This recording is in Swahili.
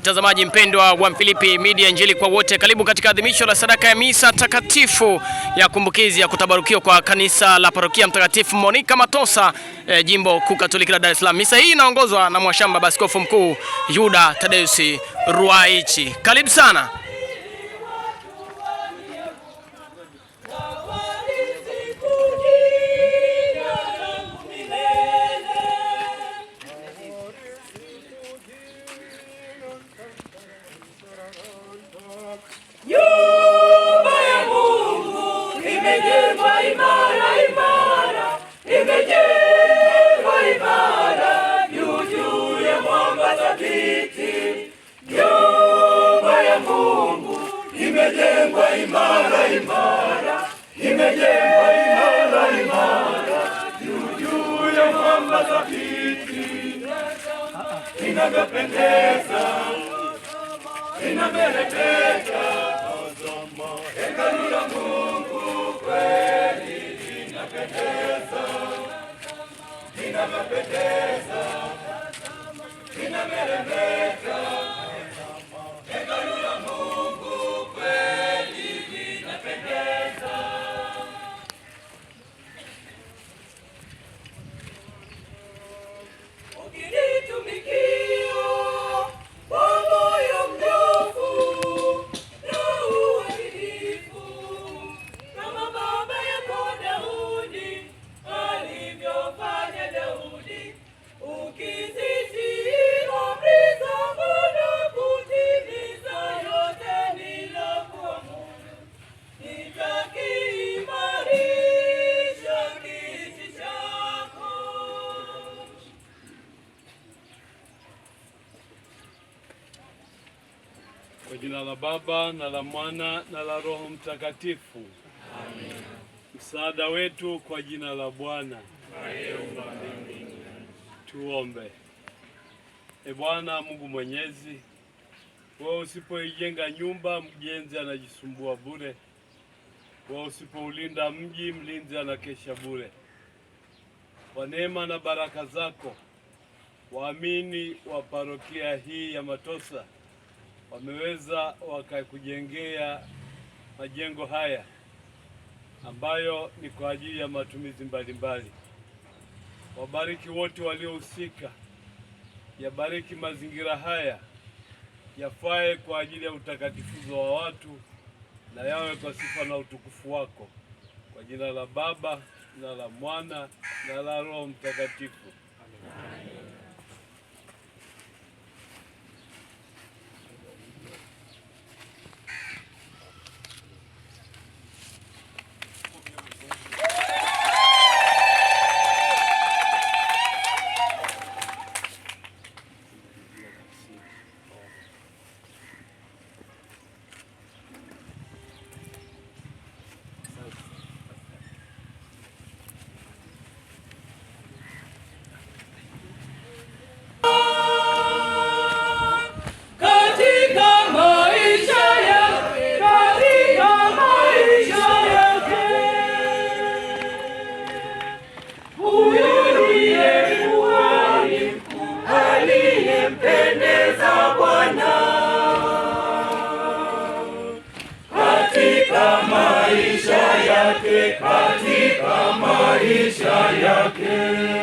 Mtazamaji mpendwa wa Mfilipi Media, injili kwa wote, karibu katika adhimisho la sadaka ya misa takatifu ya kumbukizi ya kutabarukiwa kwa kanisa la parokia Mtakatifu monika Matosa, e, jimbo kuu katoliki la Dar es Salaam. Misa hii inaongozwa na mwashamba Askofu Mkuu Yuda tadeusi Ruaichi. Karibu sana. imejengwa imara imara, imejengwa imara imara, juu ya mwamba thabiti, inavyopendeza, inameremeta, hekalu la inameremeta Kwa jina la Baba na la Mwana na la Roho Mtakatifu. Amen. Msaada wetu kwa jina la Bwana. Tuombe. E Bwana Mungu Mwenyezi, wewe usipoijenga nyumba mjenzi anajisumbua bure, wewe usipoulinda mji mlinzi anakesha bure. Kwa neema na baraka zako waamini wa parokia hii ya Matosa wameweza wakakujengea majengo haya ambayo ni kwa ajili ya matumizi mbalimbali. Wabariki wote waliohusika, yabariki mazingira haya, yafae kwa ajili ya utakatifuzo wa watu na yawe kwa sifa na utukufu wako, kwa jina la Baba na la Mwana na la Roho Mtakatifu. katika maisha yake.